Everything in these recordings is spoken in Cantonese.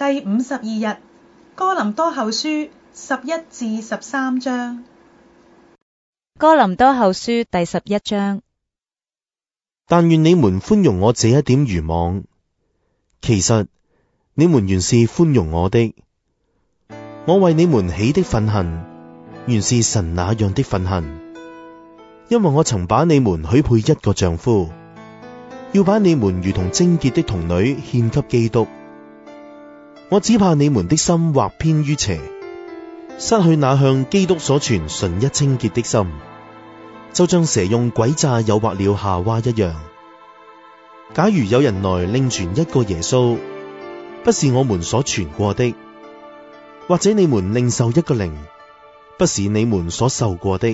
第五十二日，《哥林多後書》十一至十三章，《哥林多後書》第十一章。但願你們寬容我這一點愚妄，其實你們原是寬容我的。我為你們起的憤恨，原是神那樣的憤恨，因為我曾把你們許配一個丈夫，要把你們如同貞潔的童女獻給基督。我只怕你們的心或偏於邪，失去那向基督所傳純一清潔的心，就像蛇用詭詐誘惑了夏娃一樣。假如有人來另傳一個耶穌，不是我們所傳過的；或者你們另受一個靈，不是你們所受過的；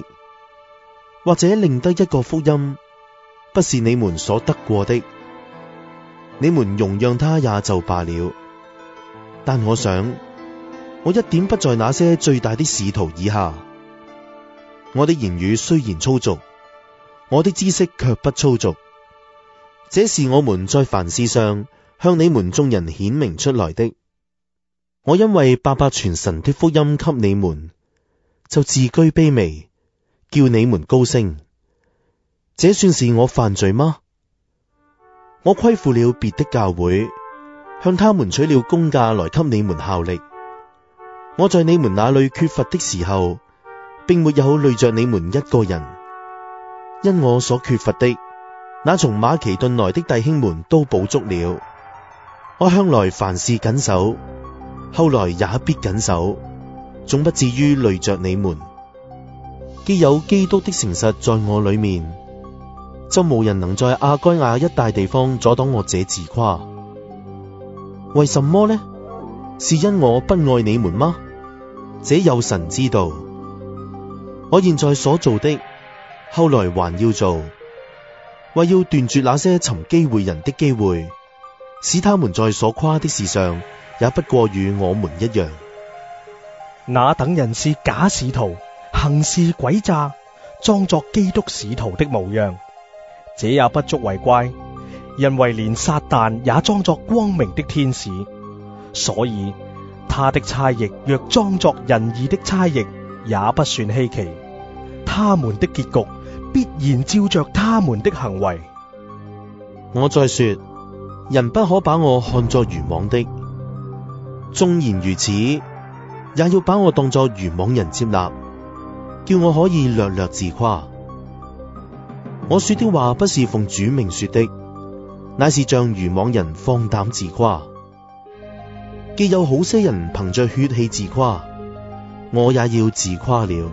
或者另得一個福音，不是你們所得過的，你們容讓他也就罷了。但我想，我一點不在那些最大的使徒以下。我的言語雖然粗俗，我的知識卻不粗俗。這是我們，在凡事上向你們眾人顯明出來的。我因為白白傳神的福音給你們，就自居卑微，叫你們高升。這算是我犯罪嗎？我虧負了別的教會。向他們取了工價來給你們效力。我在你們那裏缺乏的時候，並沒有累着你們一個人，因我所缺乏的，那從馬其頓來的弟兄們都補足了。我向來凡事謹守，後來也必謹守，總不至於累着你們。既有基督的誠實在我裏面，就冇人能在亞該亞一帶地方阻擋我這自誇。為什麼呢？是因我不愛你們嗎？這有神知道。我現在所做的，後來還要做，為要斷絕那些尋機會人的機會，使他們在所誇的事上，也不過與我們一樣。那等人是假使徒，行事詭詐，裝作基督使徒的模樣，這也不足為怪。因為連撒旦也裝作光明的天使，所以他的差役若裝作仁義的差役，也不算稀奇。他們的結局必然照着他們的行為。我再說，人不可把我看作愚妄的，縱然如此，也要把我當作愚妄人接納，叫我可以略略自誇。我說的話不是奉主命說的。乃是像愚妄人放膽自誇，既有好些人憑着血氣自誇，我也要自誇了。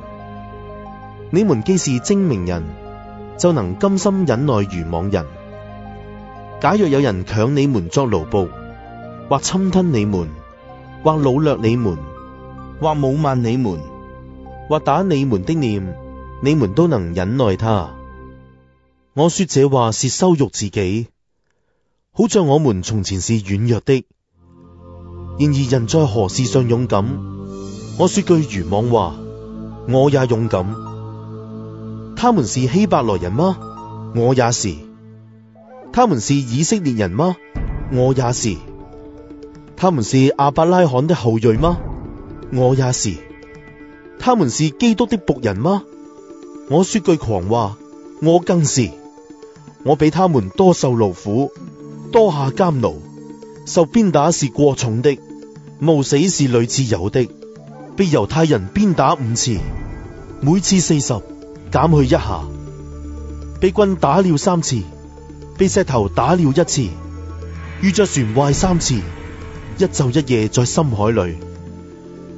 你們既是精明人，就能甘心忍耐愚妄人。假若有人強你們作奴僕，或侵吞你們，或擄掠你們，或侮慢你們，或打你們的臉，你們都能忍耐他。我說這話是羞辱自己。好像我們從前是軟弱的，然而人在何事上勇敢？我說句愚妄話，我也勇敢。他們是希伯來人嗎？我也是。他們是以色列人嗎？我也是。他們是阿伯拉罕的後裔嗎？我也是。他們是基督的僕人嗎？我說句狂話，我更是。我比他們多受勞苦。多下監牢，受鞭打是過重的，冒死是屢次有的。被猶太人鞭打五次，每次四十，減去一下。被棍打了三次，被石頭打了一次，遇着船壞三次，一晝一夜在深海裏，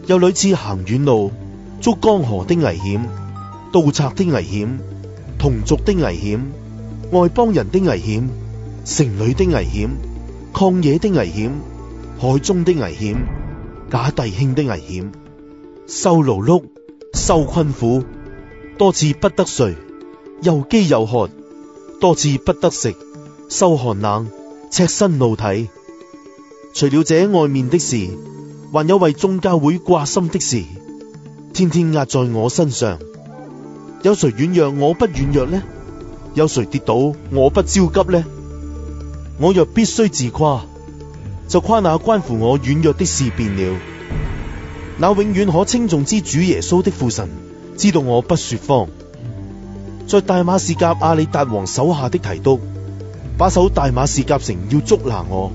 又屢次行遠路，捉江河的危險，盜賊的危險，同族的危險，外邦人的危險。城裏的危險，曠野的危險，海中的危險，假弟兄的危險，受勞碌，受困苦，多次不得睡，又飢又渴，多次不得食，受寒冷，赤身露體。除了這外面的事，還有為宗教會掛心的事，天天壓在我身上。有誰軟弱我不軟弱呢？有誰跌倒我不焦急呢？我若必須自誇，就誇那關乎我軟弱的事變了。那永遠可稱頌之主耶穌的父神，知道我不說謊。在大馬士革阿里達王手下的提督，把守大馬士革城要捉拿我，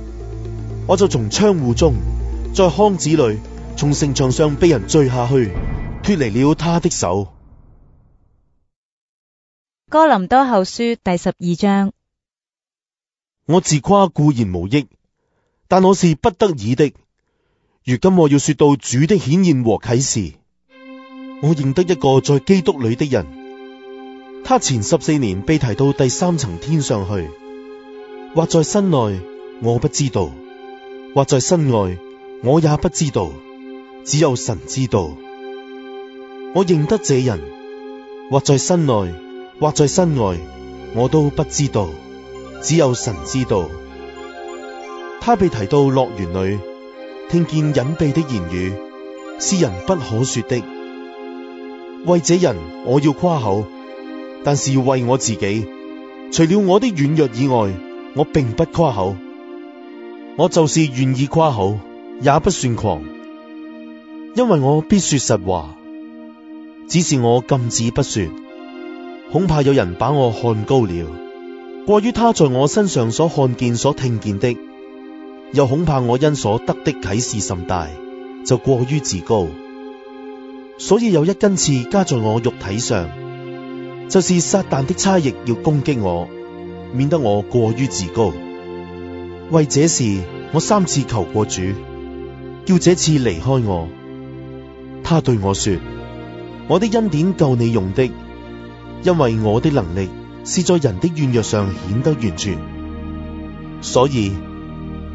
我就從窗戶中，在筐子裏，從城牆上被人墜下去，脱離了他的手。哥林多後書第十二章。我自誇固然無益，但我是不得已的。如今我要說到主的顯現和啟示，我認得一個在基督裏的人，他前十四年被提到第三層天上去，或在身內，我不知道；或在身外，我也不知道，只有神知道。我認得這人，或在身內，或在身外，我都不知道。只有神知道，他被提到樂園裏，聽見隱蔽的言語，是人不可說的。為這人我要誇口，但是為我自己，除了我的軟弱以外，我並不誇口。我就是願意誇口，也不算狂，因為我必說實話，只是我禁止不說，恐怕有人把我看高了。過於他在我身上所看見、所聽見的，又恐怕我因所得的啟示甚大，就過於自高，所以有一根刺加在我肉體上，就是撒旦的差役要攻擊我，免得我過於自高。為這事，我三次求過主，叫這刺離開我。他對我說：我的恩典夠你用的，因為我的能力。是在人的軟弱上顯得完全，所以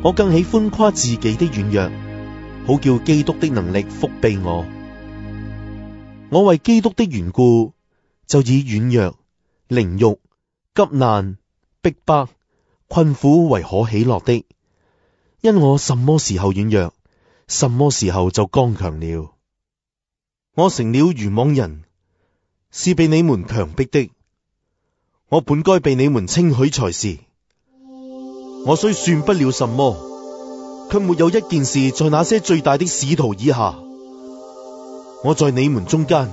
我更喜歡誇自己的軟弱，好叫基督的能力覆庇我。我為基督的緣故，就以軟弱、凌辱、急難、逼迫、困苦為可喜樂的，因我什麼時候軟弱，什麼時候就剛強了。我成了愚妄人，是被你們強迫的。我本該被你們稱許才是，我雖算不了什麼，卻沒有一件事在那些最大的使徒以下。我在你們中間，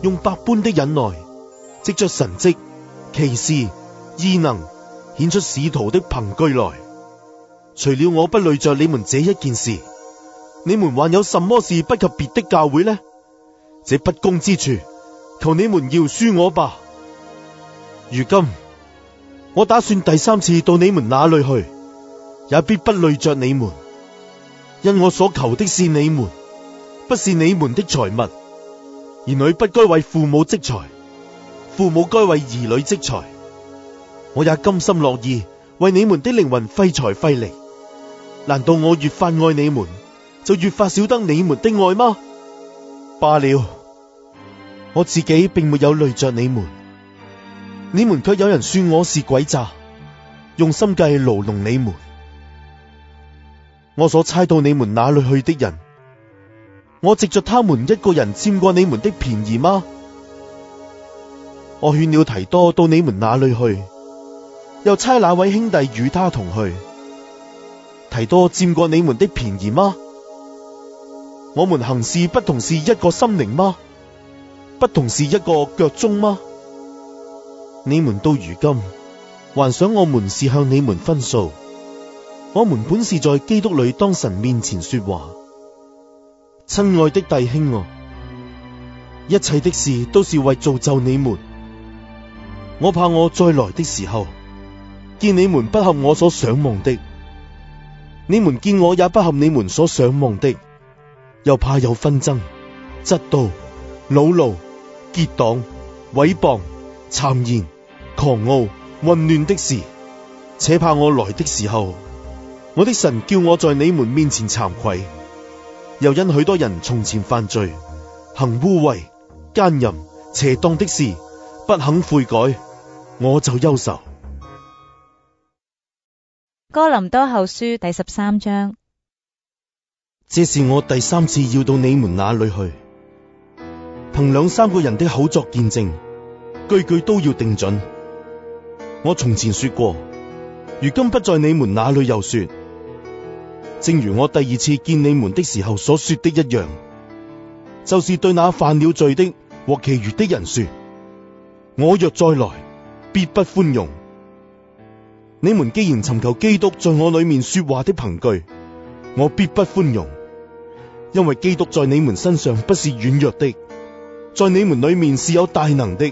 用百般的忍耐，積着神蹟、奇事、異能，顯出使徒的憑據來。除了我不累著你們這一件事，你們還有什麼事不及別的教會呢？這不公之處，求你們饒恕我吧。如今，我打算第三次到你們那裏去，也必不累着你們。因我所求的是你們，不是你們的財物。兒女不該為父母積財，父母該為兒女積財。我也甘心樂意，為你們的靈魂費財費力。難道我越發愛你們，就越發少得你們的愛嗎？罷了，我自己並沒有累着你們。你們卻有人說我是鬼詐，用心計牢籠你們。我所猜到你們哪裏去的人，我藉着他們一個人占過你們的便宜嗎？我勸了提多到你們哪裏去，又差哪位兄弟與他同去。提多佔過你們的便宜嗎？我們行事不同是一個心靈嗎？不同是一個腳蹤嗎？你們到如今，還想我們是向你們分訴？我們本是在基督裏當神面前說話，親愛的弟兄啊，一切的事都是為造就你們。我怕我再來的時候，見你們不合我所想望的；你們見我也不合你們所想望的，又怕有紛爭、嫉妒、惱怒、結黨、毀謗。讒言、狂傲、混亂的事，且怕我來的時候，我的神叫我在你們面前慚愧，又因許多人從前犯罪、行污穢、姦淫、邪當的事，不肯悔改，我就憂愁。哥林多後書第十三章。這是我第三次要到你們那裏去，憑兩三個人的口作見證，句句都要定準。我從前說過，如今不在你們那裏又說，正如我第二次見你們的時候所說的一樣，就是對那犯了罪的和其餘的人說：我若再來，必不寬容。你們既然尋求基督在我裏面說話的憑據，我必不寬容，因為基督在你們身上不是軟弱的，在你們裏面是有大能的。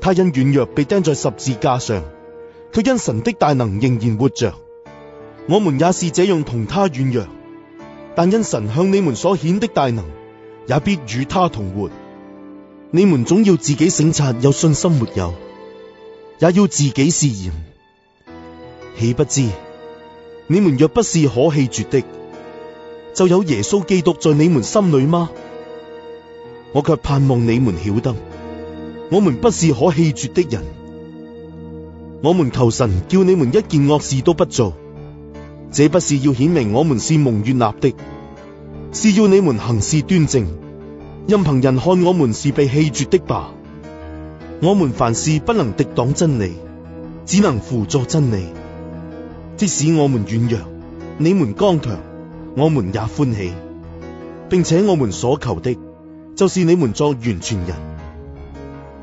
他因軟弱被釘在十字架上，卻因神的大能仍然活着。我們也是這樣同他軟弱，但因神向你們所顯的大能，也必與他同活。你們總要自己省察有信心沒有，也要自己試驗。豈不知你們若不是可棄絕的，就有耶穌基督在你們心裏嗎？我卻盼望你們曉得。我們不是可棄絕的人，我們求神叫你們一件惡事都不做，這不是要顯明我們是蒙悅納的，是要你們行事端正，任憑人看我們是被棄絕的吧。我們凡事不能敵擋真理，只能輔助真理。即使我們軟弱，你們剛強，我們也歡喜，並且我們所求的，就是你們作完全人。